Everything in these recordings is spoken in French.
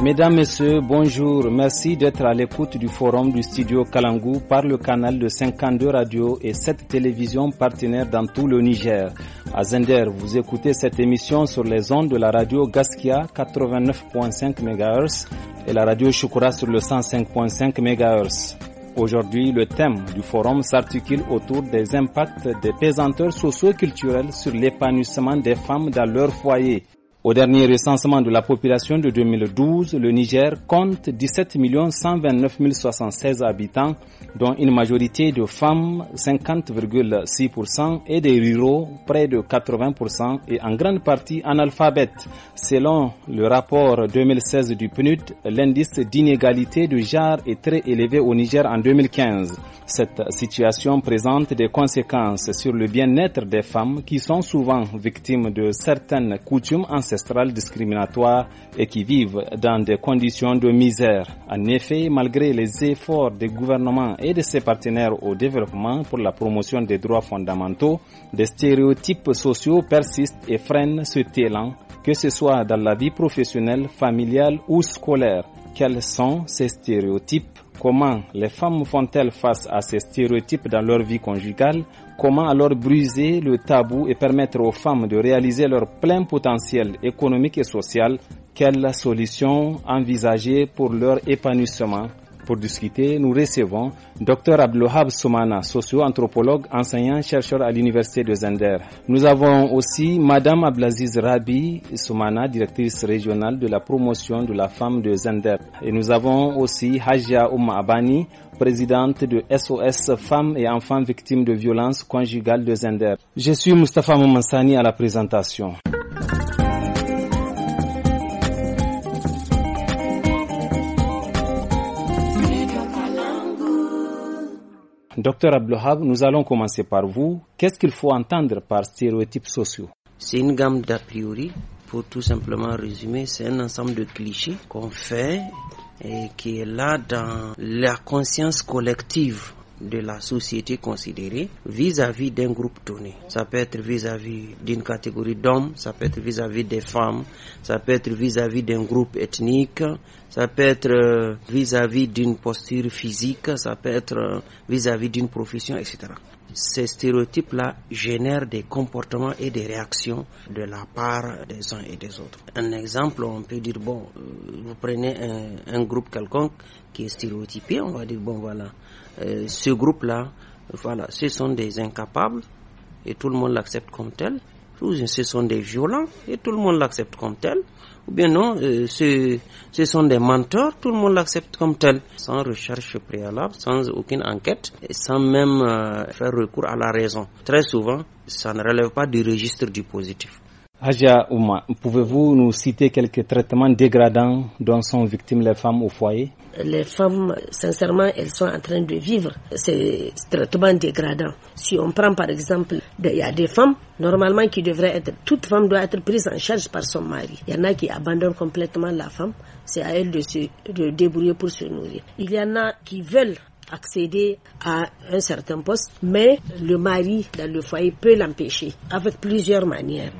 Mesdames, Messieurs, bonjour. Merci d'être à l'écoute du forum du studio Kalangou par le canal de 52 radios et 7 télévisions partenaires dans tout le Niger. A Zender, vous écoutez cette émission sur les ondes de la radio Gaskia 89.5 MHz et la radio Shukura sur le 105.5 MHz. Aujourd'hui, le thème du forum s'articule autour des impacts des pesanteurs socio-culturels sur l'épanouissement des femmes dans leur foyer. Au dernier recensement de la population de 2012, le Niger compte 17 129 076 habitants, dont une majorité de femmes, 50,6%, et des ruraux, près de 80%, et en grande partie analphabètes. Selon le rapport 2016 du PNUD, l'indice d'inégalité de genre est très élevé au Niger en 2015. Cette situation présente des conséquences sur le bien-être des femmes qui sont souvent victimes de certaines coutumes en ancestrales discriminatoires et qui vivent dans des conditions de misère. En effet, malgré les efforts des gouvernements et de ses partenaires au développement pour la promotion des droits fondamentaux, des stéréotypes sociaux persistent et freinent ce talent, que ce soit dans la vie professionnelle, familiale ou scolaire. Quels sont ces stéréotypes Comment les femmes font-elles face à ces stéréotypes dans leur vie conjugale Comment alors briser le tabou et permettre aux femmes de réaliser leur plein potentiel économique et social Quelle solution envisager pour leur épanouissement pour discuter, nous recevons Dr Abdelohab Soumana, socio-anthropologue, enseignant, chercheur à l'Université de Zender. Nous avons aussi Madame Ablaziz Rabi Soumana, directrice régionale de la promotion de la femme de Zender. Et nous avons aussi Haja Ouma Abani, présidente de SOS Femmes et Enfants Victimes de Violences Conjugales de Zender. Je suis Mustafa Moumansani à la présentation. Docteur Ablohab, nous allons commencer par vous. Qu'est-ce qu'il faut entendre par stéréotypes sociaux C'est une gamme d'a priori. Pour tout simplement résumer, c'est un ensemble de clichés qu'on fait et qui est là dans la conscience collective de la société considérée vis-à-vis d'un groupe donné. Ça peut être vis-à-vis d'une catégorie d'hommes, ça peut être vis-à-vis des femmes, ça peut être vis-à-vis d'un groupe ethnique, ça peut être euh, vis-à-vis d'une posture physique, ça peut être euh, vis-à-vis d'une profession, etc ces stéréotypes-là génèrent des comportements et des réactions de la part des uns et des autres. Un exemple, on peut dire, bon, euh, vous prenez un, groupe quelconque qui est stéréotypé, on va dire, bon, voilà, euh, ce groupe-là, voilà, ce sont des incapables et tout le monde l'accepte comme tel ce sont des violents et tout le monde l'accepte comme tel. Ou bien non, euh, ce, sont des menteurs, tout le monde l'accepte comme tel, sans recherche préalable, sans aucune enquête, et sans même euh, faire recours à la raison. Très souvent, ça ne relève pas du registre du positif. Aja Ouma, pouvez-vous nous citer quelques traitements dégradants dont sont victimes les femmes au foyer les femmes, sincèrement, elles sont en train de vivre ces traitements dégradant. Si on prend par exemple, il y a des femmes, normalement, qui devraient être, toute femme doit être prise en charge par son mari. Il y en a qui abandonnent complètement la femme, c'est à elle de se débrouiller pour se nourrir. Il y en a qui veulent accéder à un certain poste, mais le mari dans le foyer peut l'empêcher avec plusieurs manières,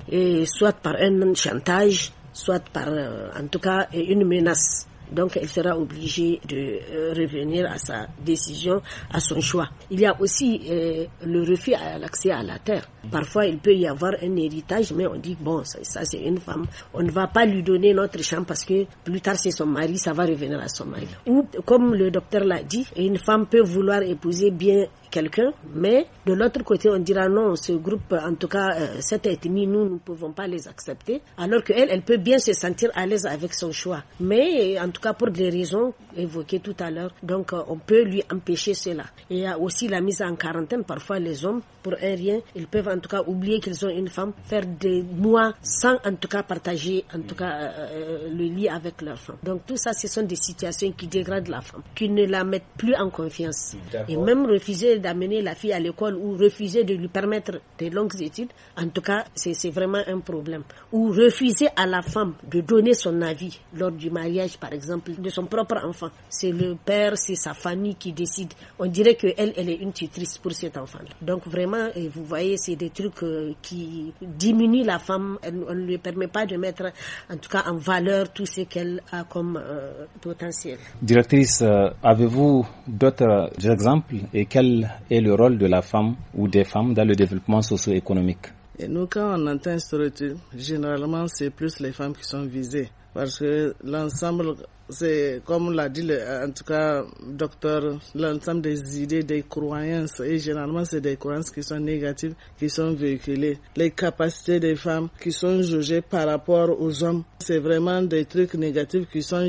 soit par un chantage, soit par, euh, en tout cas, une menace donc elle sera obligée de euh, revenir à sa décision, à son choix. Il y a aussi euh, le refus à l'accès à la terre. Parfois, il peut y avoir un héritage, mais on dit, bon, ça, ça c'est une femme. On ne va pas lui donner notre champ parce que plus tard, c'est son mari, ça va revenir à son mari. Ou, comme le docteur l'a dit, une femme peut vouloir épouser bien quelqu'un, mais de l'autre côté, on dira non, ce groupe, en tout cas, euh, cette ethnie, nous, nous ne pouvons pas les accepter, alors qu'elle, elle peut bien se sentir à l'aise avec son choix. Mais, en tout cas, pour des raisons évoquées tout à l'heure, donc, euh, on peut lui empêcher cela. il y a aussi la mise en quarantaine, parfois, les hommes, pour un rien, ils peuvent, en tout cas, oublier qu'ils ont une femme, faire des mois sans, en tout cas, partager, en tout cas, euh, le lit avec leur femme. Donc, tout ça, ce sont des situations qui dégradent la femme, qui ne la mettent plus en confiance. Et même refuser d'amener la fille à l'école ou refuser de lui permettre des longues études, en tout cas, c'est vraiment un problème. Ou refuser à la femme de donner son avis lors du mariage, par exemple, de son propre enfant. C'est le père, c'est sa famille qui décide. On dirait qu'elle, elle est une tutrice pour cet enfant Donc vraiment, vous voyez, c'est des trucs euh, qui diminuent la femme. On ne lui permet pas de mettre, en tout cas, en valeur tout ce qu'elle a comme euh, potentiel. Directrice, euh, avez-vous d'autres exemples et quelles et le rôle de la femme ou des femmes dans le développement socio-économique et nous, quand on entend structure, généralement, c'est plus les femmes qui sont visées parce que l'ensemble, c'est comme l'a dit le, en tout cas docteur, l'ensemble des idées, des croyances, et généralement c'est des croyances qui sont négatives, qui sont véhiculées. Les capacités des femmes qui sont jugées par rapport aux hommes, c'est vraiment des trucs négatifs qui sont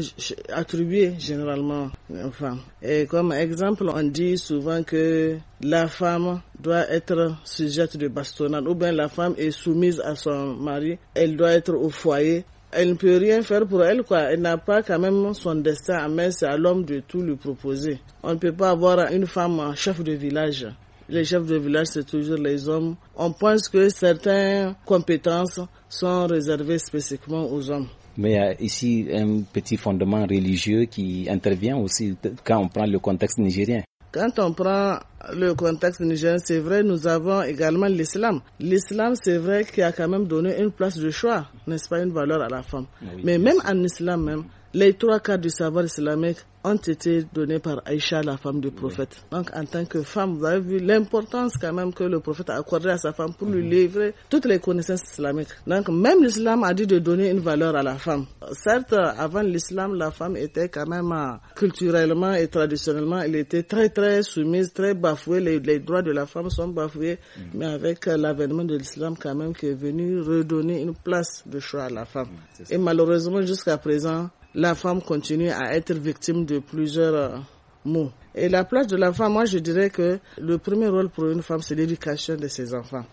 attribués généralement aux femmes. Et comme exemple, on dit souvent que la femme doit être sujette de bastonnade, ou bien la femme est soumise à son mari, elle doit être au foyer, elle ne peut rien faire pour elle, quoi. Elle n'a pas quand même son destin à main, c'est à l'homme de tout lui proposer. On ne peut pas avoir une femme en chef de village. Les chefs de village, c'est toujours les hommes. On pense que certaines compétences sont réservées spécifiquement aux hommes. Mais il y a ici un petit fondement religieux qui intervient aussi quand on prend le contexte nigérien. Quand on prend le contexte nigérien, c'est vrai, nous avons également l'islam. L'islam, c'est vrai qui a quand même donné une place de choix, n'est-ce pas, une valeur à la femme. Mais même en islam même, les trois quarts du savoir islamique ont été donnés par Aïcha, la femme du prophète. Donc, en tant que femme, vous avez vu l'importance quand même que le prophète a accordé à sa femme pour lui livrer toutes les connaissances islamiques. Donc, même l'islam a dit de donner une valeur à la femme. Certes, avant l'islam, la femme était quand même euh, culturellement et traditionnellement, elle était très très soumise, très bafouée. Les, droits de la femme sont bafoués. Mm. Mais avec euh, l'avènement de l'islam, quand même, qui est venu redonner une place de choix à la femme. et malheureusement, jusqu'à présent, la femme continue à être victime de plusieurs euh, maux. Et la place de la femme, moi je dirais que le premier rôle pour une femme, c'est l'éducation de ses enfants,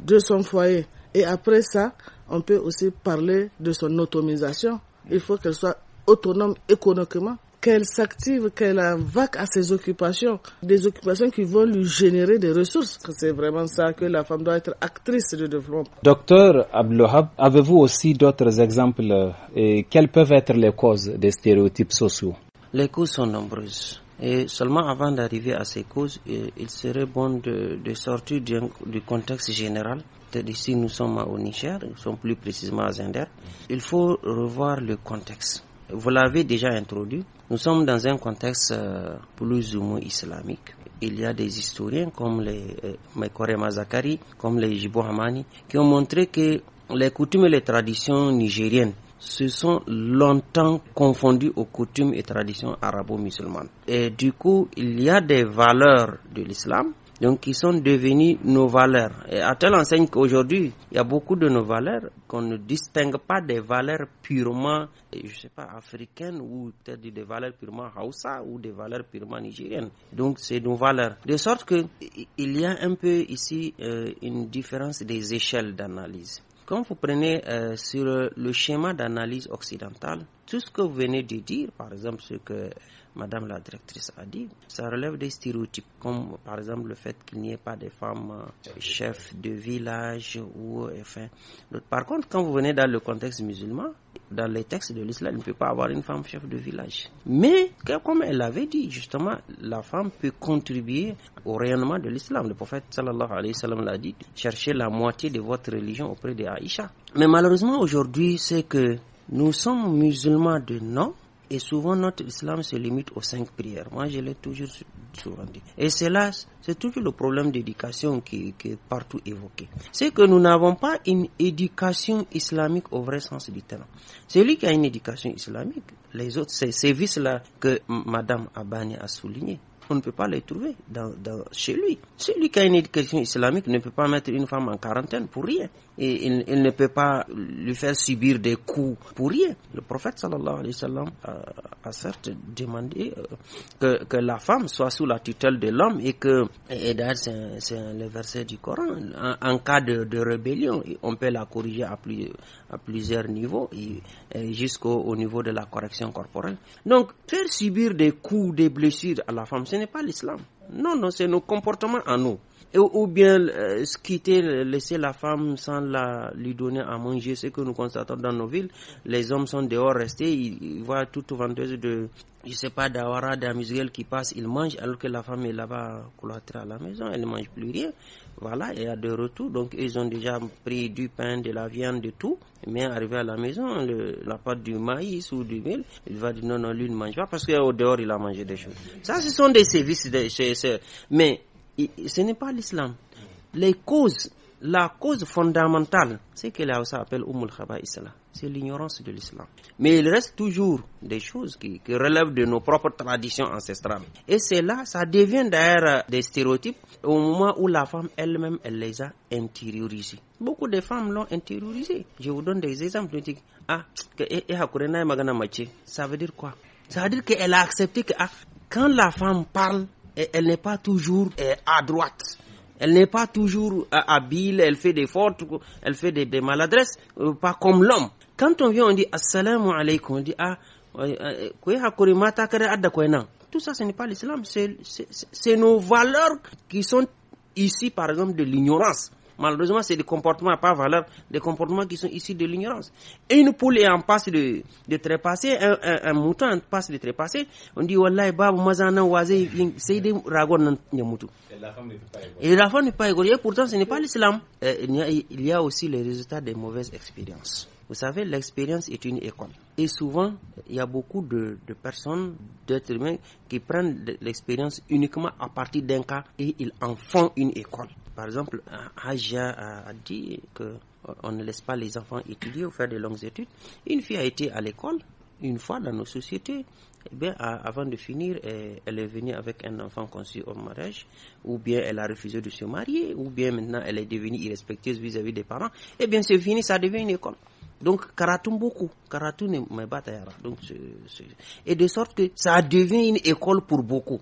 de son foyer. Et après ça, on peut aussi parler de son automisation. Il faut qu'elle soit autonome économiquement qu'elle s'active, qu'elle vaque à ses occupations, des occupations qui vont lui générer des ressources. C'est vraiment ça que la femme doit être actrice de développement. Docteur Ablohab, avez-vous aussi d'autres exemples euh, et quelles peuvent être les causes des stéréotypes sociaux Les causes sont nombreuses. Et seulement avant d'arriver à ces causes, euh, il serait bon de, sortir du, du, contexte général. Ici, nous sommes au Niger, nous sommes plus précisément à Zender. Il faut revoir le contexte. Vous l'avez déjà introduit. Nous sommes dans un contexte plus ou moins islamique. Il y a des historiens comme les euh, Mekorema Mazakari, comme les Jibo Hamani, qui ont montré que les coutumes et les traditions nigériennes se sont longtemps confondues aux coutumes et traditions arabo-musulmanes. Et du coup, il y a des valeurs de l'islam donc qui sont devenus nos valeurs. Et à telle enseigne qu'aujourd'hui, il y a beaucoup de nos valeurs qu'on ne distingue pas des valeurs purement, je ne sais pas, africaines ou peut-être des valeurs purement Hausa ou des valeurs purement nigériennes. Donc c'est nos valeurs. De sorte qu'il y a un peu ici euh, une différence des échelles d'analyse. Quand vous prenez euh, sur le schéma d'analyse occidentale, tout ce que vous venez de dire, par exemple ce que Madame la directrice a dit, ça relève des stéréotypes, comme par exemple le fait qu'il n'y ait pas de femmes euh, chefs de village ou enfin. Par contre, quand vous venez dans le contexte musulman, dans les textes de l'islam, il ne peut pas avoir une femme chef de village. Mais comme elle l'avait dit, justement, la femme peut contribuer au rayonnement de l'islam. Le prophète sallallahu alayhi wa sallam l'a dit, cherchez la moitié de votre religion auprès de Aïcha. Mais malheureusement aujourd'hui, c'est que nous sommes musulmans de nom et souvent notre islam se limite aux cinq prières. Moi, je l'ai toujours souvent dit. Et c'est là, c'est toujours le problème d'éducation qui, est partout évoqué. C'est que nous n'avons pas une éducation islamique au vrai sens du terme. Celui qui a une éducation islamique, les autres, c'est ces vices-là que Madame Abani a souligné on ne peut pas les trouver dans, chez lui. Celui qui a une éducation islamique ne peut pas mettre une femme en quarantaine pour rien. Et il, ne peut pas lui faire subir des coups pour rien. Le prophète sallallahu alayhi wa a, certes demandé euh, que, que, la femme soit sous la tutelle de l'homme et que, et d'ailleurs c'est le verset du Coran, en, cas de, de, rébellion, on peut la corriger à, plus, à plusieurs niveaux et, jusqu'au niveau de la correction corporelle. Donc faire subir des coups, des blessures à la femme, c'est pas l'islam. Non, non, c'est nos comportements à nous. Et, ou bien euh, quitter, laisser la femme sans la, lui donner à manger, ce que nous constatons dans nos villes. Les hommes sont dehors restés, ils, voit voient toute vendeuse de, je sais pas, d'awara, d'amusuel qui passe, ils mangent alors que la femme est là-bas cloîtrée à la maison, elle ne mange plus rien. Voilà, il y a de retour. Donc, ils ont déjà pris du pain, de la viande, de tout. Mais arrivé à la maison, la pâte du maïs ou du mil, il va dire non, non, lui ne mange pas parce qu'au dehors, il a mangé des choses. Ça, ce sont des services. De, mais ce n'est pas l'islam. Les causes, la cause fondamentale, c'est que là, ça appelle Umul islam c'est l'ignorance de l'islam. Mais il reste toujours des choses qui, relèvent de nos propres traditions ancestrales. Et c'est là, ça devient d'ailleurs euh, des stéréotypes au moment où la femme elle-même, elle les a intériorisés. Beaucoup de femmes l'ont intériorisé. Je vous donne des exemples. Ah, eh, eh, ça veut dire quoi Ça veut dire qu'elle a accepté que ah, quand la femme parle, eh, elle n'est pas toujours à droite. Elle n'est pas toujours euh, habile, elle fait des fautes, elle fait des maladresses, euh, pas comme l'homme. Quand on vient, on dit Assalamu alaikum, on dit Ah, euh, mata adda non. Tout ça, ce n'est pas l'islam, c'est nos valeurs qui sont ici, par exemple, de l'ignorance. Malheureusement, c'est des comportements, pas valeurs, des comportements qui sont ici de l'ignorance. Une poule est en passe de, de trépasser, un, un, un mouton en passe de trépasser. On dit, Wallahi, Babu, Mazana, Wazé, seyde, Ragon, Nyamutu. Et la femme n'est pas égorgée. Et pourtant, ce n'est pas l'islam. Euh, il y a aussi les résultats des mauvaises expériences. Vous savez, l'expérience est une école. Et souvent, il y a beaucoup de, personnes, d'êtres humains, qui prennent l'expérience uniquement à partir d'un cas et ils en font une école. Par exemple, Aja a dit que euh, on ne laisse pas les enfants étudier ou faire de longues études. Une fille a été à l'école une fois dans nos sociétés. et eh bien, avant de finir, eh, elle est venue avec un enfant conçu au mariage, ou bien elle a refusé de se marier, ou bien maintenant elle est devenue irrespectueuse vis-à-vis des parents. et eh bien, c'est fini, ça devient une école. Donc, Karatoum beaucoup. Karatoum ne Donc, Et de sorte que ça devient une école pour beaucoup.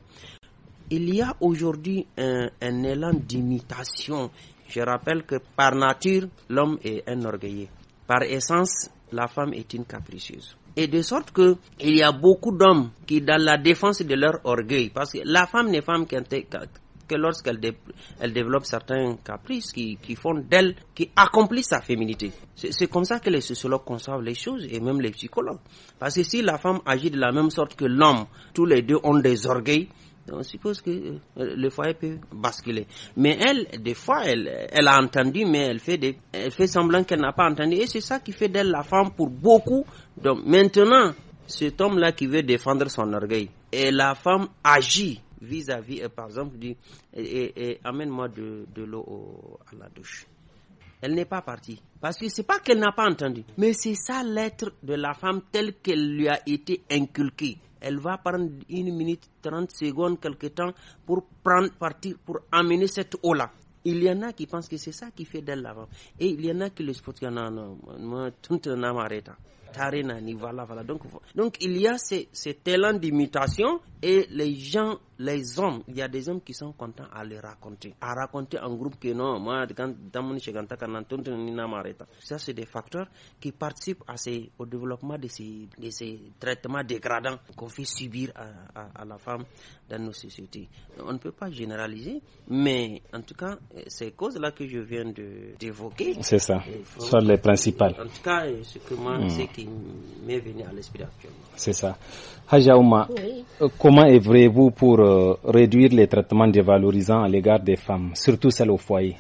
Il y a aujourd'hui un, un élan d'imitation. Je rappelle que par nature, l'homme est un orgueilleux. Par essence, la femme est une capricieuse. Et de sorte que il y a beaucoup d'hommes qui, dans la défense de leur orgueil, parce que la femme n'est femme qu'un que lorsqu'elle elle développe certains caprices qui, qui font d'elle, qui accomplissent sa féminité. C'est comme ça que les sociologues conçoivent les choses et même les psychologues. Parce que si la femme agit de la même sorte que l'homme, tous les deux ont des orgueils, on suppose que euh, le foyer peut basculer. Mais elle, des fois, elle, elle a entendu, mais elle fait, des, elle fait semblant qu'elle n'a pas entendu. Et c'est ça qui fait d'elle la femme pour beaucoup. Donc maintenant, cet homme-là qui veut défendre son orgueil, et la femme agit vis-à-vis, euh, par exemple, dit Amène-moi de, de l'eau à la douche. Elle n'est pas partie. Parce que c'est pas qu'elle n'a pas entendu, mais c'est ça l'être de la femme telle qu'elle lui a été inculquée. Elle va prendre une minute, trente secondes, quelque temps pour prendre partir pour amener cette eau-là. Il y en a qui pensent que c'est ça qui fait d'elle la femme. Et il y en a qui le supportent. Non, non, moi, tout voilà, voilà. Donc, donc il y a ces, ces talents d'imitation et les gens, les hommes, il y a des hommes qui sont contents à les raconter. À raconter un groupe que non, moi, quand, dans mon ça c'est des facteurs qui participent à ces, au développement de ces, de ces traitements dégradants qu'on fait subir à, à, la femme dans nos sociétés. On ne peut pas généraliser, mais en tout cas, euh, ces causes-là que je viens d'évoquer. C'est ça, euh, sont les principales. En tout cas, euh, ce que moi, mmh qui m'est venu à l'esprit actuellement. C'est ça. Hajaouma, euh, comment œuvrez-vous pour euh, réduire les traitements dévalorisants à l'égard des femmes, surtout celles au foyer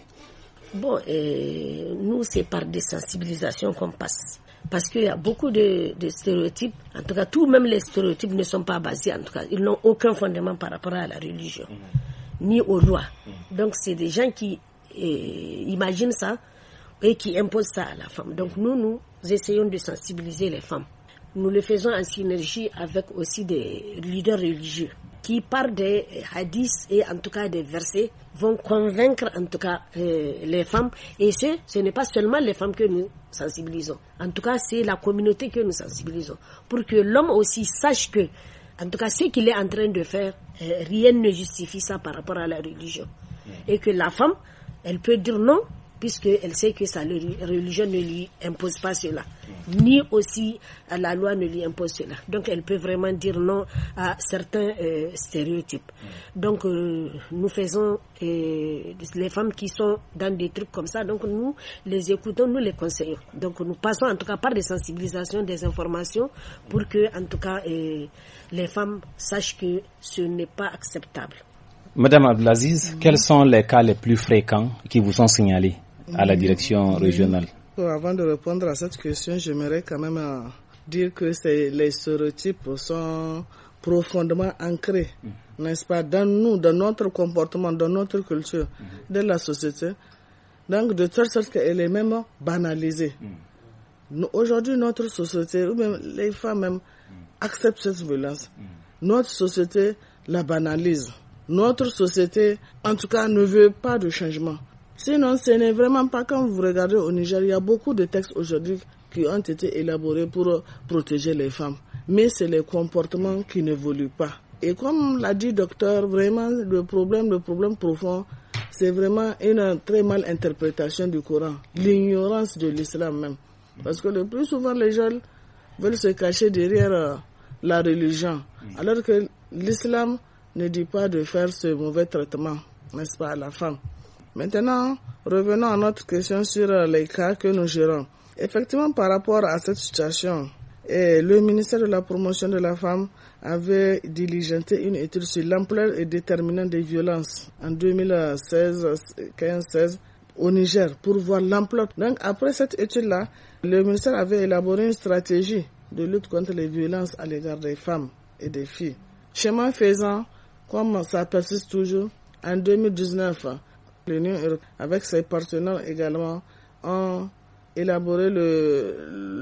Bon, euh, nous, c'est par des sensibilisations qu'on passe. Parce qu'il y a beaucoup de, stéréotypes. En tout cas, tout même les stéréotypes ne sont pas basés, en tout cas, ils n'ont aucun fondement par rapport à la religion, ni au roi. Donc, c'est des gens qui imaginent ça et qui imposent ça à la femme. Donc, nous, nous, essayons de sensibiliser les femmes. Nous le faisons en synergie avec aussi des leaders religieux qui, par des hadiths et en tout cas des versets, vont convaincre en tout cas euh, les femmes. Et ce n'est pas seulement les femmes que nous sensibilisons. En tout cas, c'est la communauté que nous sensibilisons. Pour que l'homme aussi sache que, en tout cas, ce qu'il est en train de faire, euh, rien ne justifie ça par rapport à la religion. Mm. Et que la femme, elle peut dire non, puisqu'elle sait que sa religion ne lui impose pas cela, ni aussi euh, la loi ne lui impose cela. Donc elle peut vraiment dire non à certains euh, stéréotypes. Donc euh, nous faisons les femmes qui sont dans des trucs comme ça, donc nous les écoutons, nous les conseillons. Donc nous passons en tout cas par des sensibilisations, des informations pour que en tout cas les femmes sachent que ce n'est pas acceptable. Madame Abdelaziz, quels sont les cas les plus fréquents qui vous sont signalés à la direction régionale euh, Avant de répondre à cette question, j'aimerais quand même euh, dire que les stéréotypes sont profondément ancrés, mm-hmm. n'est-ce pas, dans nous, dans notre comportement, dans notre culture, mm-hmm. dans la société. Donc, de telle sorte qu'elle est même banalisée. Mm-hmm. Aujourd'hui, notre société, les femmes même, acceptent cette violence. Notre société la banalise. Notre société, en tout cas, ne veut pas de changement. Sinon, ce n'est vraiment pas quand vous regardez au Niger, il y a beaucoup de textes aujourd'hui qui ont été élaborés pour euh, protéger les femmes. Mais c'est les comportements qui n'évoluent pas. Et comme l'a dit le docteur, vraiment le problème, le problème profond, c'est vraiment une très mal interprétation du Coran, l'ignorance de l'islam même. Parce que le plus souvent, les jeunes veulent se cacher derrière euh, la religion, alors que l'islam ne dit pas de faire ce mauvais traitement, n'est-ce pas, à la femme. Maintenant, revenons à notre question sur euh, les cas que nous gérons. Effectivement, par rapport à cette situation, eh, le ministère de la Promotion de la Femme avait diligenté une étude sur l'ampleur et déterminant des violences en 2016-15-16 au Niger pour voir l'ampleur. Donc après cette étude-là, le ministère avait élaboré une stratégie de lutte contre les violences à l'égard des femmes et des filles. Chemin faisant, comme ça persiste toujours, en 2019, L'Union avec ses partenaires également, ont élaboré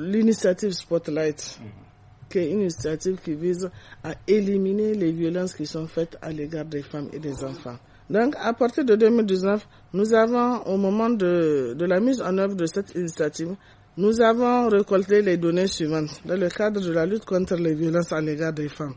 l'initiative Spotlight, mm-hmm. qui est une initiative qui vise à éliminer les violences qui sont faites à l'égard des femmes et des enfants. Donc, à partir de 2019, nous avons, au moment de, la mise en œuvre de cette initiative, nous avons récolté les données suivantes dans le cadre de la lutte contre les violences à l'égard des femmes.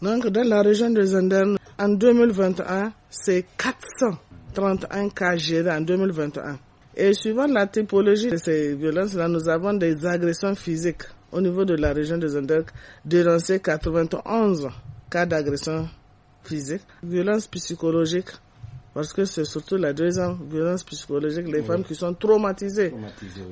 Donc, dans la région de Zenderne, en 2021, c'est 400 31 cas gérés en 2021. Et suivant la typologie de ces violences-là, nous avons des agressions physiques au niveau de la région de Zendek, dénoncé 91 cas d'agression physique, violence psychologique, parce que c'est surtout la deuxième violence psychologique, les femmes qui sont traumatisées,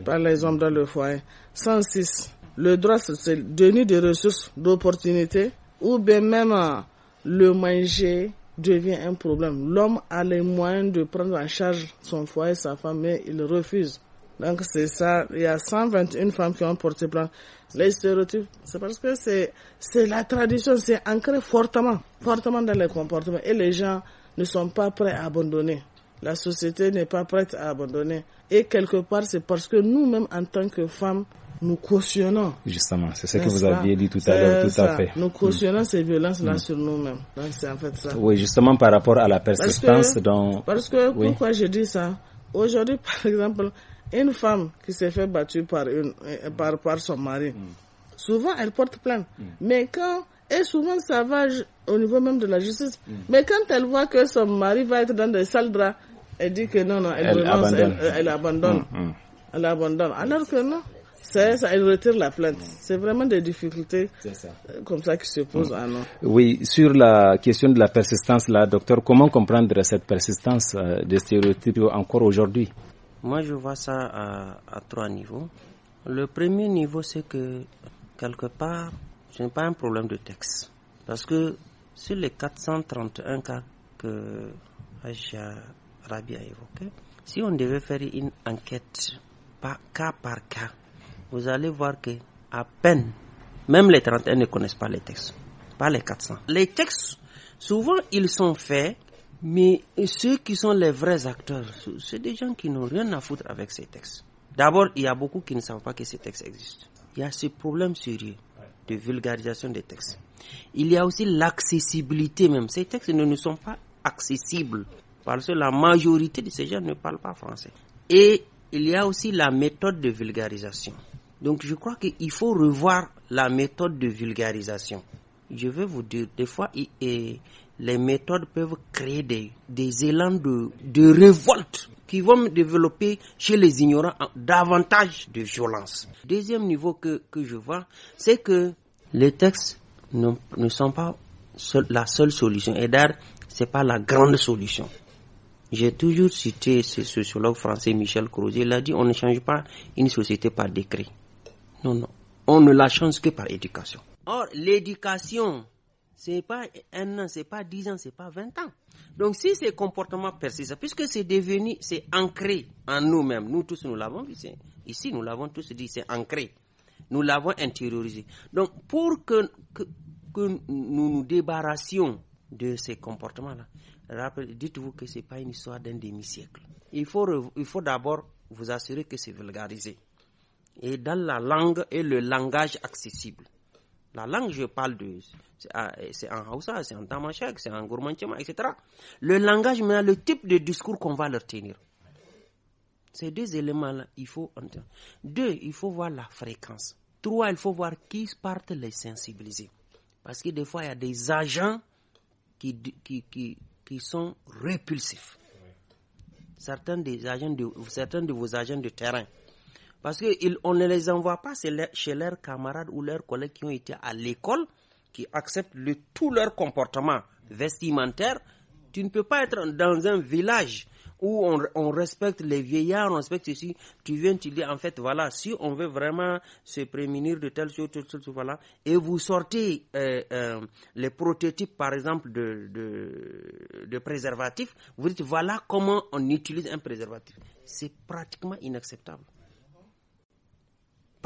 par les hommes dans le foyer. 106. Le droit, c'est le déni de ressources, d'opportunités, ou bien même euh, le manger, devient un problème. L'homme a les moyens de prendre en charge son foyer, sa femme, mais il refuse. Donc c'est ça, il y a 121 femmes qui ont porté plainte. Les stéréotypes, c'est parce que c'est c'est la tradition, c'est ancré fortement, fortement dans les comportements et les gens ne sont pas prêts à abandonner. La société n'est pas prête à abandonner. Et quelque part, c'est parce que nous-mêmes, en tant que femmes, nous cautionnons. Justement, c'est ce que vous aviez dit tout à l'heure, tout à fait. Nous cautionnons mm. ces violences-là mm. sur nous-mêmes. Donc c'est en fait ça. Oui, justement par rapport à la persistance parce Parce que pourquoi je dis ça Aujourd'hui, par exemple, une femme qui s'est fait battue par, une, euh, par, son mari, mm. souvent elle porte plainte. Mais quand et souvent ça va au niveau même de la justice. Mais quand elle voit que son mari va être dans des sales draps, elle dit que non, non, elle, elle abandonne. Elle, elle abandonne. Alors que non, ça, ça retire la plainte. Mm. C'est vraiment des difficultés ça. Euh, comme ça qui se posent. Mm. à non. Oui, sur la question de la persistance, là, docteur, comment comprendre cette persistance euh, des stéréotypes encore aujourd'hui Moi, je vois ça à, trois niveaux. Le premier niveau, c'est que, quelque part, ce n'est pas un problème de texte. Parce que sur les 431 cas que Aja Rabi a évoqués, si on devait faire une enquête par, cas par cas, vous allez voir que à peine, même les 31 ne connaissent pas les textes, pas les 400. Les textes, souvent, ils sont faits, mais ceux qui sont les vrais acteurs, c'est des gens qui n'ont rien à foutre avec ces textes. D'abord, il y a beaucoup qui ne savent pas que ces textes existent. Il y a ce problème sérieux de vulgarisation des textes. Il y a aussi l'accessibilité même. Ces textes ne sont pas accessibles parce que la majorité de ces gens ne parlent pas français. Et il y a aussi la méthode de vulgarisation. Donc je crois qu'il faut revoir la méthode de vulgarisation. Je vais vous dire, des fois, les méthodes peuvent créer des, des élans de, révolte qui vont développer chez les ignorants davantage de violence. Deuxième niveau que, je vois, c'est que les textes ne, sont pas la seule solution. Et d'ailleurs, ce n'est pas la grande solution. J'ai toujours cité ce sociologue français Michel Crozier, il a dit on ne change pas une société par décret. On ne la change que par éducation. Or, l'éducation, c'est pas un an, c'est pas dix ans, c'est pas vingt ans. Donc, si ces comportements persistent, puisque c'est devenu, c'est ancré en nous-mêmes, nous tous nous l'avons vu, ici nous l'avons tous dit, c'est ancré. Nous l'avons intériorisé. Donc, pour que, que, nous nous débarrassions de ces comportements-là, dites-vous que ce n'est pas une histoire d'un demi-siècle. Il faut, il faut d'abord vous assurer que c'est vulgarisé et dans la langue et le langage accessible. La langue, je parle de. C'est ah, en Hausa, c'est en Tamashek, c'est en Gourmandchema, etc. Le langage, mais le type de discours qu'on va leur tenir. Ces deux éléments-là, il faut entendre. Deux, il faut voir la fréquence. Trois, il faut voir qui partent les sensibiliser. Parce que des fois, il y a des agents qui, qui, qui, qui sont répulsifs. Certains, des agents de, certains de vos agents de terrain, parce qu'on ne les envoie pas chez leurs camarades ou leurs collègues qui ont été à l'école, qui acceptent le, tout leur comportement vestimentaire. Tu ne peux pas être dans un village où on, respecte les vieillards, on respecte ici. Tu viens, tu dis, en fait, voilà, si on veut vraiment se prémunir de telle chose, telle voilà, et vous sortez euh, euh, les prototypes, par exemple, de, de, de, préservatifs, vous dites, voilà comment on utilise un préservatif. C'est pratiquement inacceptable.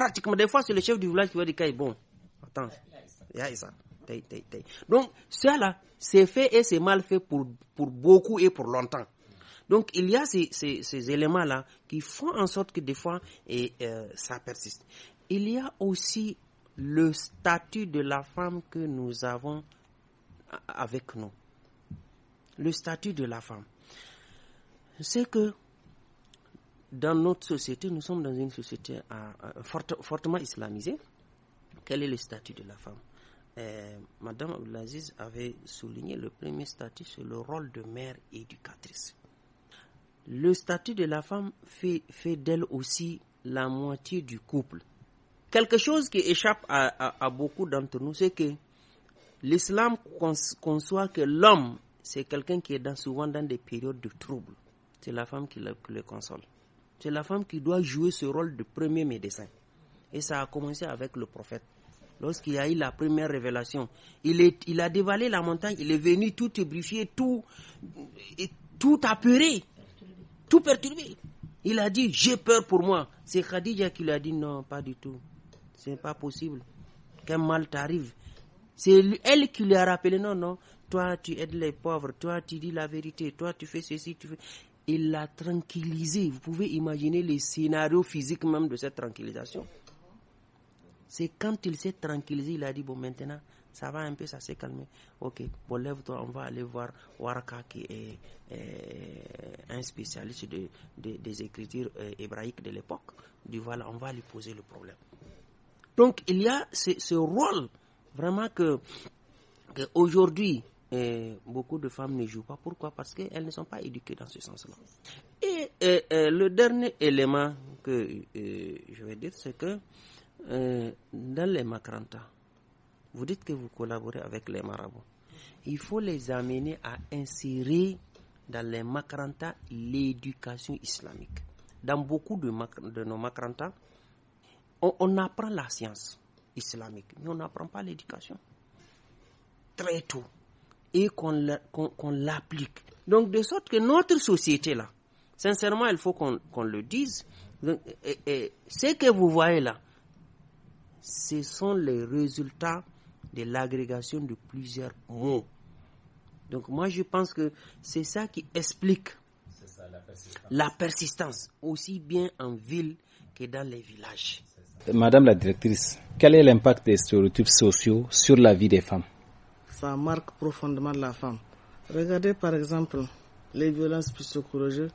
Pratiquement, des fois, c'est le chef du village qui va dire qu'il bon. Attends, Donc, cela, c'est fait et c'est mal fait pour, pour beaucoup et pour longtemps. Donc, il y a ces, ces, éléments-là qui font en sorte que des fois, et, euh, ça persiste. Il y a aussi le statut de la femme que nous avons avec nous. Le statut de la femme. C'est que dans notre société, nous sommes dans une société euh, euh, fortement islamisée. Quel est le statut de la femme euh, Madame Abdelaziz avait souligné le premier statut, c'est le rôle de mère éducatrice. Le statut de la femme fait, d'elle aussi la moitié du couple. Quelque chose qui échappe à, beaucoup d'entre nous, c'est que l'islam conçoit que l'homme, c'est quelqu'un qui est dans, souvent dans des périodes de troubles. C'est la femme qui le console. C'est la femme qui doit jouer ce rôle de premier médecin. Et ça a commencé avec le prophète. Lorsqu'il a eu la première révélation, il, est, il a dévalé la montagne, il est venu tout ébrifier, tout, et tout apeuré, tout perturbé. Il a dit, j'ai peur pour moi. C'est Khadija qui lui a dit, non, pas du tout. Ce n'est pas possible qu'un mal t'arrive. C'est elle qui lui a rappelé, non, non, toi tu aides les pauvres, toi tu dis la vérité, toi tu fais ceci, tu fais... Il la tranquillisé. Vous pouvez imaginer les scénarios physiques même de cette tranquillisation. C'est quand il s'est tranquillisé, il a dit, bon, maintenant, ça va un peu, ça s'est calmé. Ok, bon, lève-toi, on va aller voir Waraka qui est, euh, un spécialiste des écritures euh, hébraïques de l'époque. Du voilà, on va lui poser le problème. Donc, il y a ce, rôle vraiment que, que aujourd'hui, beaucoup de femmes ne jouent pas. Pourquoi Parce qu'elles ne sont pas éduquées dans ce sens-là. Et, euh, euh, le dernier élément que euh, je vais dire, c'est que dans les Makranta, vous dites que vous collaborez avec les marabouts. Il faut les amener à insérer dans les macrantas l'éducation islamique. Dans beaucoup de, de nos macrantas, on, on apprend la science islamique, mais on n'apprend pas l'éducation. Très tôt et qu'on l'applique. Donc, de sorte que notre société, là, sincèrement, il faut qu'on le dise, ce que vous voyez là, ce sont les résultats de l'agrégation de plusieurs mots. Donc, moi, je pense que c'est ça qui explique la, persistance. la persistance, aussi bien en ville que dans les villages. Madame la directrice, quel est l'impact des stéréotypes sociaux sur la vie des femmes ça marque profondément la femme. Regardez par exemple les violences psychologiques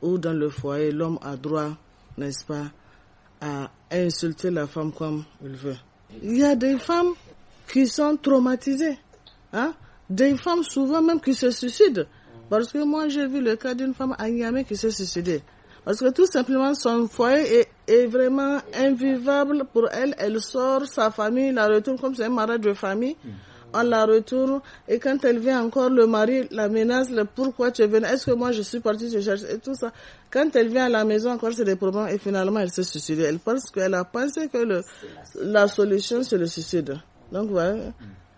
où dans le foyer, l'homme a droit, n'est-ce pas, à insulter la femme comme il veut. Il y a des femmes qui sont traumatisées. Hein? Des femmes souvent même qui se suicident. Parce que moi j'ai vu le cas d'une femme à Niamey qui s'est suicidée. Parce que tout simplement son foyer est, est, vraiment invivable pour elle. Elle sort, sa famille la retourne comme c'est un mariage de famille. Mm on la retourne et quand elle vient encore, le mari la menace, le pourquoi tu es venu, est-ce que moi je suis partie, je cherche et tout ça. Quand elle vient à la maison encore, c'est des problèmes et finalement elle se suicide. Elle pense qu'elle a pensé que le, la solution c'est le suicide. Donc voilà,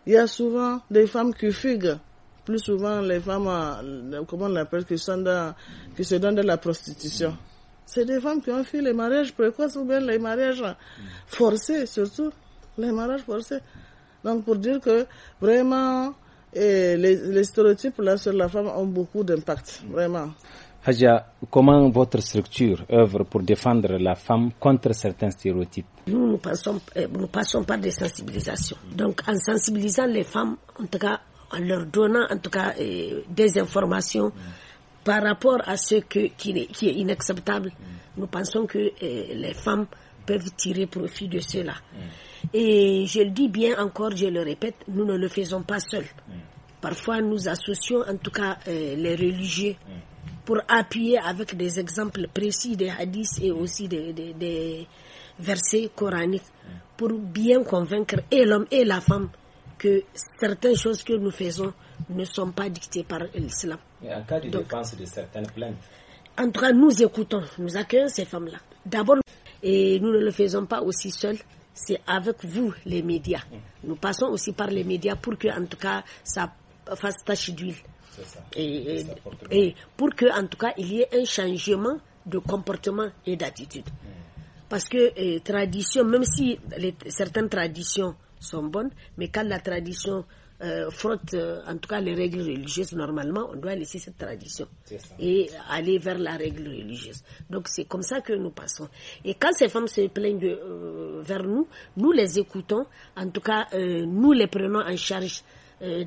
il y a souvent des femmes qui fuguent plus souvent les femmes, euh, comment on l'appelle, qui, qui se donnent de la prostitution. C'est des femmes qui ont fait les mariages précoces ou bien les mariages forcés, surtout les mariages forcés. Donc pour dire que vraiment, eh, les, stéréotypes sur la femme ont beaucoup d'impact, vraiment. Haja, comment votre structure œuvre pour défendre la femme contre certains stéréotypes Nous, nous passons, eh, nous passons par des sensibilisations. Donc, en sensibilisant les femmes, en tout cas, en leur donnant en tout cas eh, des informations par rapport à ce que, qui, est inacceptable, nous pensons que les femmes peuvent tirer profit de cela. Mm. Et je le dis bien encore, je le répète, nous ne le faisons pas seuls. Mm. Parfois, nous associons en tout cas euh, les religieux mm. pour appuyer avec des exemples précis des hadiths et aussi des, versets coraniques pour bien convaincre et l'homme et la femme que certaines choses que nous faisons ne sont pas dictées par l'islam. en cas de défense de certaines plaintes. En tout cas, nous écoutons, nous accueillons ces femmes-là. D'abord, et nous ne le faisons pas aussi seuls c'est avec vous, les médias. Mm. Nous passons aussi par les médias pour que, en tout cas, ça fasse tache d'huile. Et, et, pour que, en tout cas, il y ait un changement de comportement et d'attitude. Mm. Parce que, euh, tradition, même si certaines traditions sont bonnes, mais quand la tradition euh, frotte, euh, en tout cas les règles religieuses, normalement, on doit laisser cette tradition et aller vers la règle religieuse. Donc c'est comme ça que nous passons. Et quand ces femmes se plaignent de, euh, vers nous, nous les écoutons, en tout cas, nous les prenons en charge.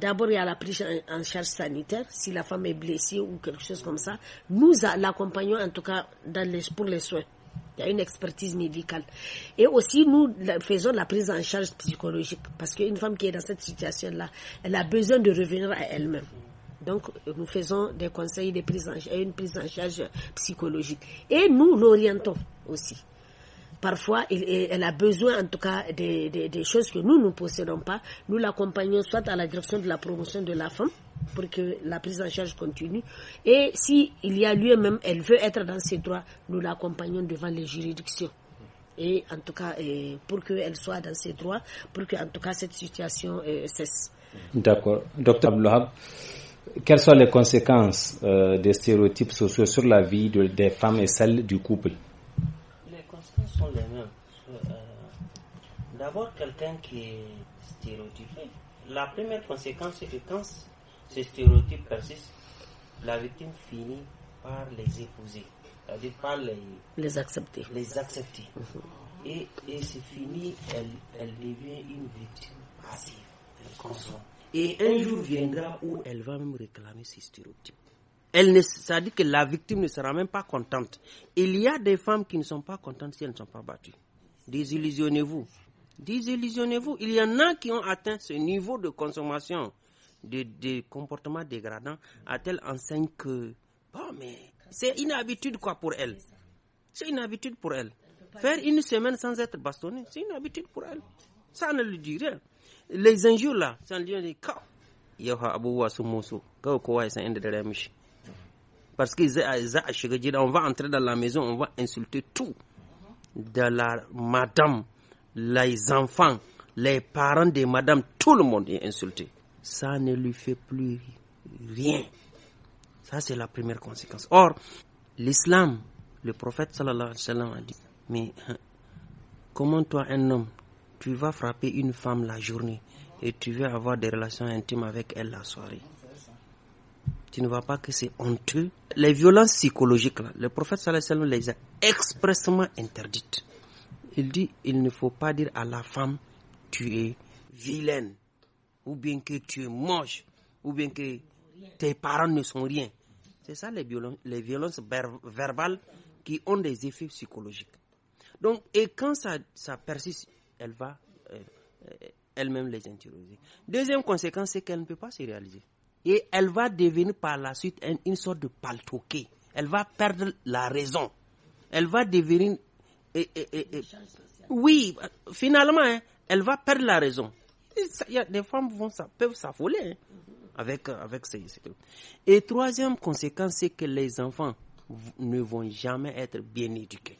D'abord, il y a la prise en, en, charge sanitaire, si la femme est blessée ou quelque chose comme ça. Nous l'accompagnons en tout cas dans les, pour les soins y a une expertise médicale. Et aussi, nous faisons la prise en charge psychologique parce qu'une femme qui est dans cette situation-là, elle a besoin de revenir à elle-même. Donc, nous faisons des conseils, de prise en, une prise en charge psychologique. Et nous l'orientons aussi. Parfois, elle a besoin en tout cas des, choses que nous ne possédons pas. Nous l'accompagnons soit à la direction de la promotion de la femme pour que la prise en charge continue. Et si y a lui-même, elle veut être dans ses droits, nous l'accompagnons devant les juridictions et en tout cas pour qu'elle soit dans ses droits, pour que en tout cas cette situation euh, cesse. D'accord. Docteur Ablohab, quelles sont les conséquences euh, des stéréotypes sociaux sur la vie des femmes et celle du couple sont les mêmes. D'abord, quelqu'un qui est stéréotypé. La première conséquence, c'est que quand ce stéréotype persiste, la victime finit par les épouser, c'est-à-dire par les, accepter. Les accepter. Et, c'est fini, elle, devient une victime passive, elle consomme. Et un jour viendra où elle va même réclamer ses stéréotypes. Elle ça dit que la victime ne sera même pas contente. Il y a des femmes qui ne sont pas contentes si elles ne sont pas battues. Désillusionnez-vous. Désillusionnez-vous. Il y en a qui ont atteint ce niveau de consommation de, de comportements dégradants à telle enseigne que, bon, mais c'est une habitude quoi pour elle. C'est une habitude pour elle. Faire une semaine sans être bastonnée, c'est une habitude pour elle. Ça ne lui dit rien. Les injures là, ça ne lui dit rien parce qu'ils ont a on va entrer dans la maison on va insulter tout de la madame les enfants les parents de madame tout le monde est insulté ça ne lui fait plus rien ça c'est la première conséquence or l'islam le prophète sallallahu alayhi wa sallam a dit mais hein, comment toi un homme tu vas frapper une femme la journée et tu veux avoir des relations intimes avec elle la soirée tu ne vois pas que c'est honteux les violences psychologiques, là, le prophète sallallahu alayhi wa sallam les a expressément interdites. Il dit, il ne faut pas dire à la femme, tu es vilaine, ou bien que tu es moche, ou bien que tes parents ne sont rien. C'est ça les violences, les violences verbales qui ont des effets psychologiques. Donc, et quand ça, ça persiste, elle va euh, euh, elle-même les interroger. Deuxième conséquence, c'est qu'elle ne peut pas se réaliser et elle va devenir par la suite une, sorte de paltoqué. Elle va perdre la raison. Elle va devenir... oui, finalement, hein, elle va perdre la raison. Ça, y a, des femmes vont, ça, peuvent s'affoler hein, avec, euh, avec ces, Et troisième conséquence, c'est que les enfants ne vont jamais être bien éduqués.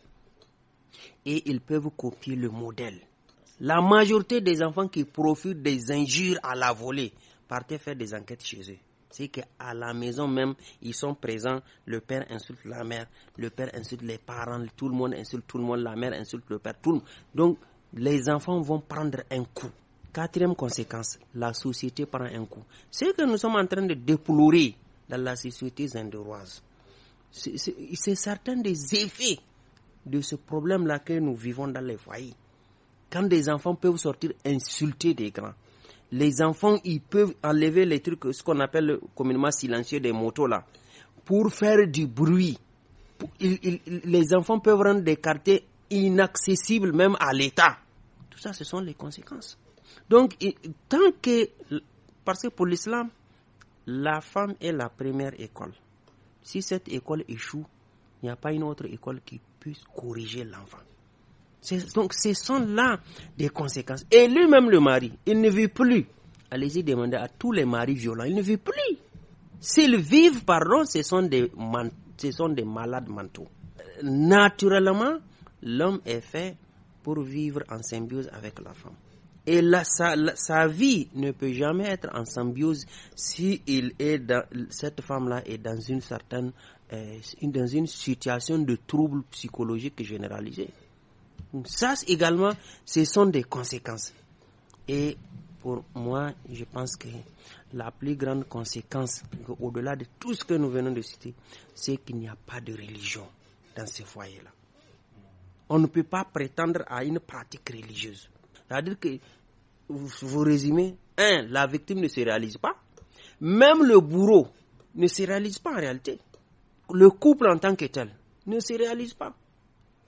Et ils peuvent copier le modèle. La majorité des enfants qui profitent des injures à la volée, partez faire des enquêtes chez eux. C'est qu'à la maison même, ils sont présents. Le père insulte la mère, le père insulte les parents, tout le monde insulte tout le monde, la mère insulte le père, tout le monde. Donc, les enfants vont prendre un coup. Quatrième conséquence, la société prend un coup. C'est que nous sommes en train de déplorer dans la société zindoroise. C'est certains des effets de ce problème-là que nous vivons dans les foyers. Quand des enfants peuvent sortir insulter des grands, les enfants, ils peuvent enlever les trucs, ce qu'on appelle communément silencieux des motos là, pour faire du bruit. les enfants peuvent rendre des quartiers inaccessibles même à l'État. Tout ça, ce sont les conséquences. Donc, tant que, parce que pour l'islam, la femme est la première école. Si cette école échoue, il n'y a pas une autre école qui puisse corriger l'enfant. Donc ce sont là des conséquences. Et lui-même, le mari, il ne vit plus. Allez-y demander à tous les maris violents, il ne vit plus. S'ils vivent, pardon, ce sont des, ce sont des malades mentaux. Naturellement, l'homme est fait pour vivre en symbiose avec la femme. Et là, sa, sa, vie ne peut jamais être en symbiose si il est dans, cette femme-là est dans une certaine, euh, dans une situation de trouble psychologique généralisé. Ça également, ce sont des conséquences. Et pour moi, je pense que la plus grande conséquence, au-delà de tout ce que nous venons de citer, c'est qu'il n'y a pas de religion dans ces foyers-là. On ne peut pas prétendre à une pratique religieuse. C'est-à-dire que, vous, résumez, un, la victime ne se réalise pas. Même le bourreau ne se réalise pas en réalité. Le couple en tant que tel ne se réalise pas.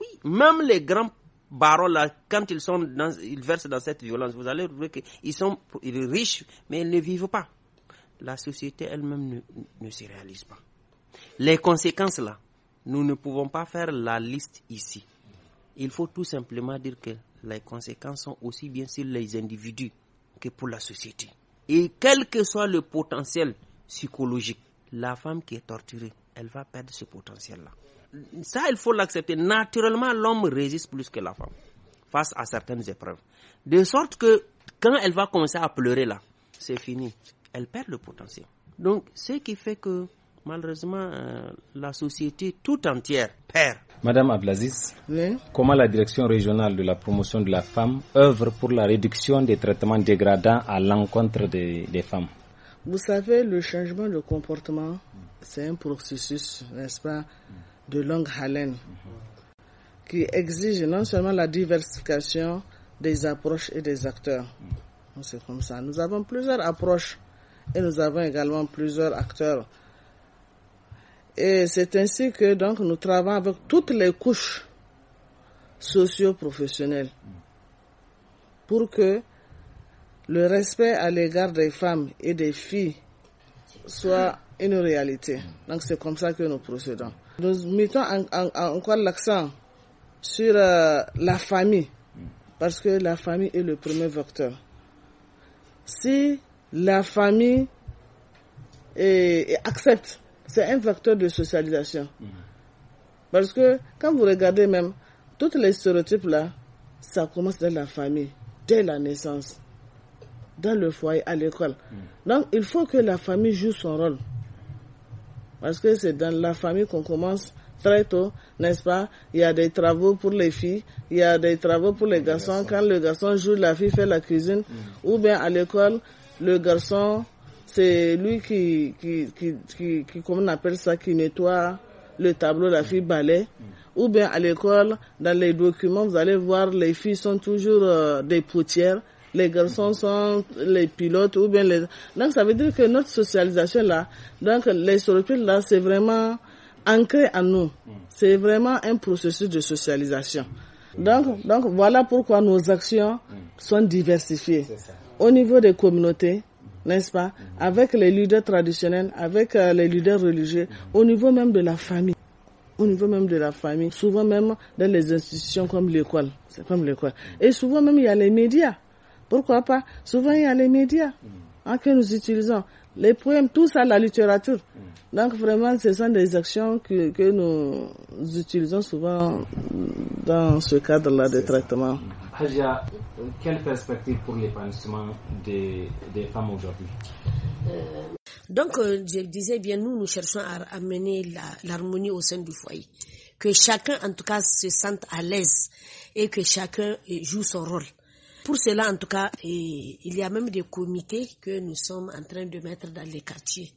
Oui, même les grands barons quand ils, sont ils versent dans cette violence, vous allez trouver qu'ils sont riches, mais ils ne vivent pas. La société elle-même ne, ne se réalise pas. Les conséquences-là, nous ne pouvons pas faire la liste ici. Il faut tout simplement dire que les conséquences sont aussi bien sur les individus que pour la société. Et quel que soit le potentiel psychologique, la femme qui est torturée, elle va perdre ce potentiel-là ça, il faut l'accepter. Naturellement, l'homme résiste plus que la femme face à certaines épreuves. De sorte que quand elle va commencer à pleurer là, c'est fini. Elle perd le potentiel. Donc, ce qui fait que malheureusement, euh, la société tout entière perd. Madame Ablaziz, comment la direction régionale de la promotion de la femme œuvre pour la réduction des traitements dégradants à l'encontre des, femmes Vous savez, le changement de comportement, c'est un processus, n'est-ce pas de longue haleine qui exige non seulement la diversification des approches et des acteurs. C'est comme ça. Nous avons plusieurs approches et nous avons également plusieurs acteurs. Et c'est ainsi que donc nous travaillons avec toutes les couches socio-professionnelles pour que le respect à l'égard des femmes et des filles soit une réalité. Donc c'est comme ça que nous procédons. Nous mettons encore l'accent sur euh, la famille, parce que la famille est le premier vecteur. Si la famille accepte, c'est un vecteur de socialisation. Parce que quand vous regardez même, tous les stéréotypes là, ça commence dans la famille, dès la naissance, dans le foyer, à l'école. Mm. Donc il faut que la famille joue son rôle. Parce que c'est dans la famille qu'on commence très tôt, n'est-ce pas Il y a des travaux pour les filles, il y a des travaux pour les garçons. Quand le garçon joue, la fille fait la cuisine. Mm. Ou bien à l'école, le garçon, c'est lui qui, qui, qui, qui, comment on appelle ça, qui nettoie le tableau, la fille balai. Mm. Ou bien à l'école, dans les documents, vous allez voir, les filles sont toujours euh, des poutières les garçons sont les pilotes ou bien les... Donc ça veut dire que notre socialisation là, donc les structures là, c'est vraiment ancré à nous. C'est vraiment un processus de socialisation. Donc, donc voilà pourquoi nos actions sont diversifiées au niveau des communautés, n'est-ce pas, avec les leaders traditionnels, avec euh, les leaders religieux, au niveau même de la famille au niveau même de la famille, souvent même dans les institutions comme l'école, c'est comme l'école. Et souvent même il y a les médias. Pourquoi pas Souvent, il y a les médias mm. hein, que nous utilisons. Les poèmes, tout ça, la littérature. Mm. Donc, vraiment, ce sont des actions que, nous utilisons souvent dans ce cadre-là de traitement. Hadja, euh, quelle perspective pour l'épanouissement des, des femmes aujourd'hui euh, donc, euh, je disais bien, nous, nous cherchons à amener l'harmonie au sein du foyer. Que chacun, en tout cas, se sente à l'aise et que chacun joue son rôle. Pour cela, en tout cas, il y a même des comités que nous sommes en train de mettre dans les quartiers.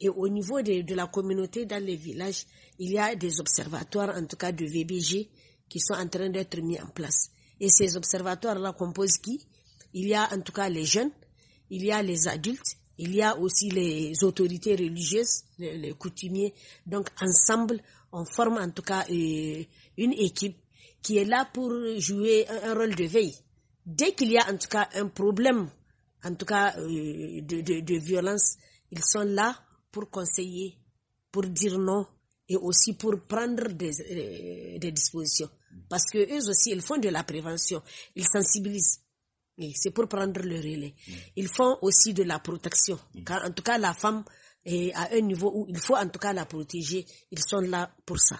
Et au niveau de, la communauté, dans les villages, il y a des observatoires, en tout cas de VBG, qui sont en train d'être mis en place. Et ces observatoires-là composent qui Il y a en tout cas les jeunes, il y a les adultes, il y a aussi les autorités religieuses, les, coutumiers. Donc ensemble, on forme en tout cas euh, une équipe qui est là pour jouer un rôle de veille dès qu'il y a en tout cas un problème, en tout cas euh, de, violence, ils sont là pour conseiller, pour dire non et aussi pour prendre des, euh, dispositions. Parce que eux aussi, ils font de la prévention, ils sensibilisent. C'est pour prendre le relais. Mm. Ils font aussi de la protection. Mm. Car en tout cas, la femme est à un niveau où il faut en tout cas la protéger. Ils sont là pour ça.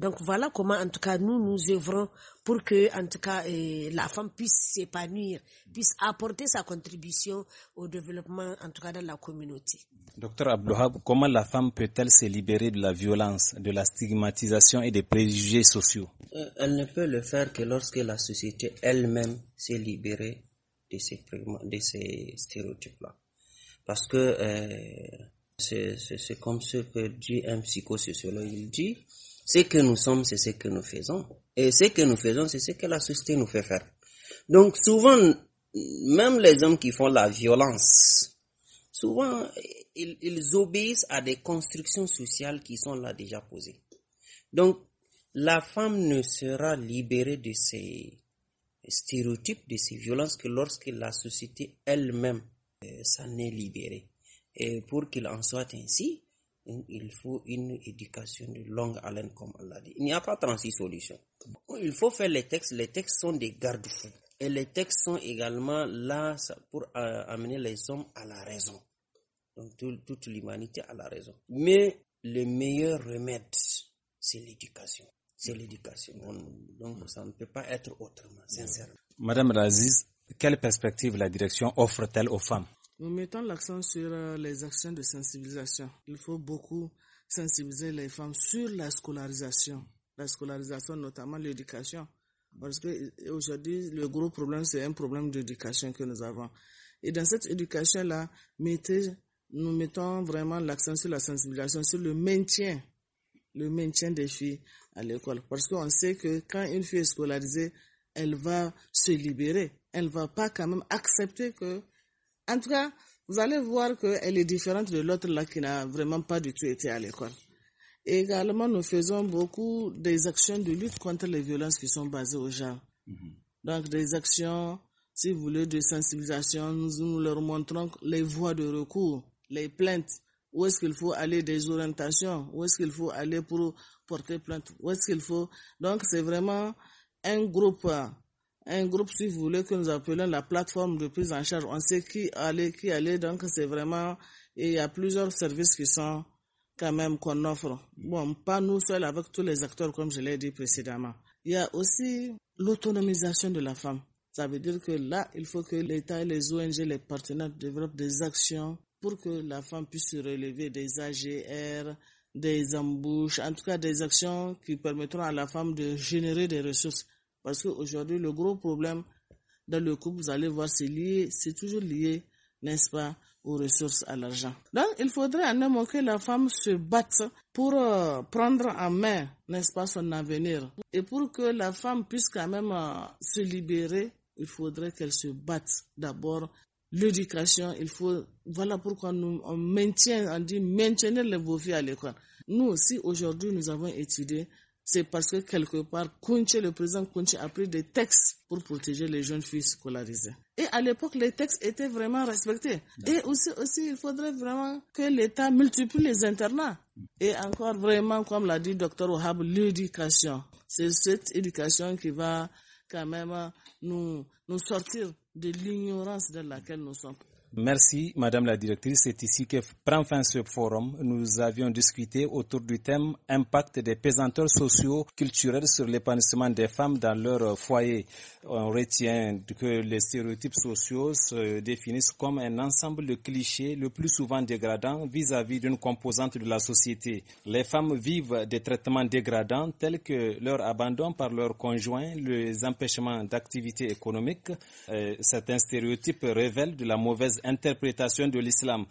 Donc voilà comment en tout cas nous nous œuvrons pour que en tout cas euh, la femme puisse s'épanouir, puisse apporter sa contribution au développement en tout cas dans la communauté. Docteur Abdouhab, comment la femme peut-elle se libérer de la violence, de la stigmatisation et des préjugés sociaux euh, Elle ne peut le faire que lorsque la société elle-même s'est libérée de ces, stéréotypes-là. Parce que euh, c'est comme ce que dit un psychosociologue, il dit ce que nous sommes, c'est ce que nous faisons. Et ce que nous faisons, c'est ce que la société nous fait faire. Donc souvent, même les hommes qui font la violence, souvent, ils, obéissent à des constructions sociales qui sont là déjà posées. Donc, la femme ne sera libérée de ces stéréotypes, de ces violences que lorsque la société elle-même euh, s'en est libérée. Et pour qu'il en soit ainsi, il faut une éducation de longue haleine, comme on dit. Il n'y a pas 36 solutions. Il faut faire les textes. Les textes sont des garde-fous. Et les textes sont également là pour euh, amener les hommes à la raison. Donc toute l'humanité à la raison. Mais le meilleur remède, c'est l'éducation. C'est l'éducation. Donc ça ne peut pas être autrement, sincèrement. Madame Raziz, quelle perspective la direction offre-t-elle aux femmes nous mettons l'accent sur euh, les actions de sensibilisation. Il faut beaucoup sensibiliser les femmes sur la scolarisation, la scolarisation notamment l'éducation. Parce que euh, aujourd'hui, le gros problème, c'est un problème d'éducation que nous avons. Et dans cette éducation-là, nous mettons vraiment l'accent sur la sensibilisation, sur le maintien, le maintien des filles à l'école. Parce qu'on sait que quand une fille est scolarisée, elle va se libérer. Elle ne va pas quand même accepter que en tout cas, vous allez voir qu'elle est différente de l'autre là qui n'a vraiment pas du tout été à l'école. Également, nous faisons beaucoup des actions de lutte contre les violences qui sont basées aux gens. Mhm. Donc, des actions, si vous voulez, de sensibilisation. Nous, nous leur montrons les voies de recours, les plaintes, où est-ce qu'il faut aller, des orientations, où est-ce qu'il faut aller pour porter plainte, où est-ce qu'il faut. Donc, c'est vraiment un groupe un groupe, si vous voulez, que nous appelons la plateforme de prise en charge. On sait qui allait, qui allait, donc c'est vraiment, et il y a plusieurs services qui sont quand même qu'on offre. Bon, pas nous seuls, avec tous les acteurs, comme je l'ai dit précédemment. Il y a aussi l'autonomisation de la femme. Ça veut dire que là, il faut que l'État, les ONG, les partenaires développent des actions pour que la femme puisse se relever des AGR, des embouches, en tout cas des actions qui permettront à la femme de générer des ressources. Parce qu'aujourd'hui, le gros problème dans le couple, vous allez voir, c'est lié, c'est toujours lié, n'est-ce pas, aux ressources, à l'argent. Donc, il faudrait à un manquer que la femme se batte pour euh, prendre en main, n'est-ce pas, son avenir. Et pour que la femme puisse quand même euh, se libérer, il faudrait qu'elle se batte d'abord. L'éducation, il faut, voilà pourquoi nous, on maintient, on dit maintenir les beaux filles à l'école. Nous aussi, aujourd'hui, nous avons étudié c'est parce que quelque part, le président Kunche, a pris des textes pour protéger les jeunes filles scolarisées. Et à l'époque, les textes étaient vraiment respectés. Et aussi, aussi, il faudrait vraiment que l'État multiplie les internats. Et encore vraiment, comme l'a dit docteur Ohab, l'éducation. C'est cette éducation qui va quand même nous, nous sortir de l'ignorance dans laquelle nous sommes. Merci, Madame la Directrice. C'est ici que prend fin ce forum. Nous avions discuté autour du thème Impact des pesanteurs sociaux culturels sur l'épanouissement des femmes dans leur foyer. On retient que les stéréotypes sociaux se définissent comme un ensemble de clichés le plus souvent dégradants vis-à-vis d'une composante de la société. Les femmes vivent des traitements dégradants tels que leur abandon par leur conjoint, les empêchements d'activités économiques. Euh, certains stéréotypes révèlent de la mauvaise interprétation de l'islam.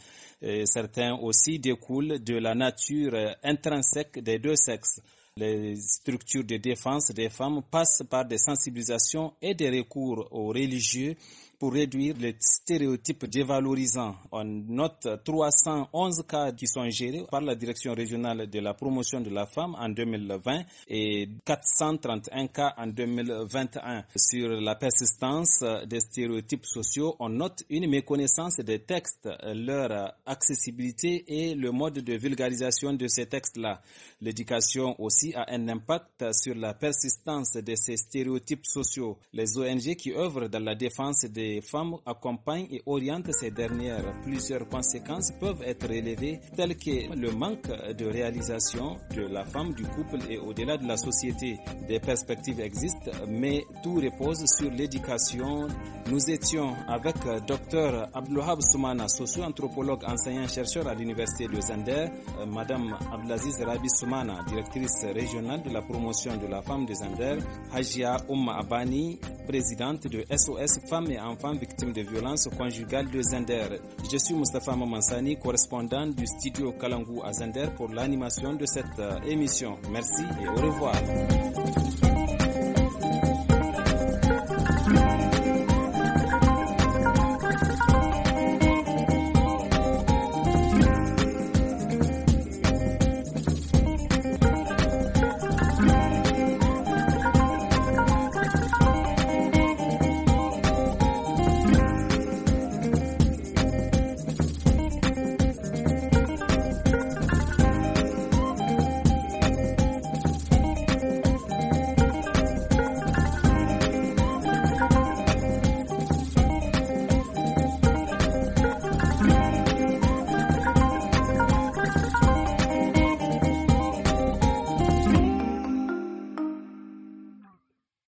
Certains aussi découlent de la nature euh, intrinsèque des deux sexes. Les structures de défense des femmes passent par des sensibilisations et des recours aux religieux pour réduire les stéréotypes dévalorisants. On note 311 cas qui sont gérés par la direction régionale de la promotion de la femme en 2020 et 431 cas en 2021. Sur la persistance des stéréotypes sociaux, on note une méconnaissance des textes, leur accessibilité et le mode de vulgarisation de ces textes-là. L'éducation aussi a un impact sur la persistance de ces stéréotypes sociaux. Les ONG qui œuvrent dans la défense des femmes accompagnent et orientent ces dernières. Plusieurs conséquences peuvent être élevées, telles que le manque de réalisation de la femme, du couple et au-delà de la société. Des perspectives existent, mais tout repose sur l'éducation. Nous étions avec Dr Abdelhab Soumana, socio-anthropologue, enseignant-chercheur à l'Université de Zander, euh, Madame Abdelaziz Rabi Soumana, directrice régionale de la promotion de la femme de Zander, Hajia Oum Abani, présidente de SOS Femmes et Enfants victimes de violences conjugales de Zender. Je suis Mustafa Mamansani, correspondant du studio Kalangou à Zender pour l'animation de cette euh, émission. Merci et au revoir.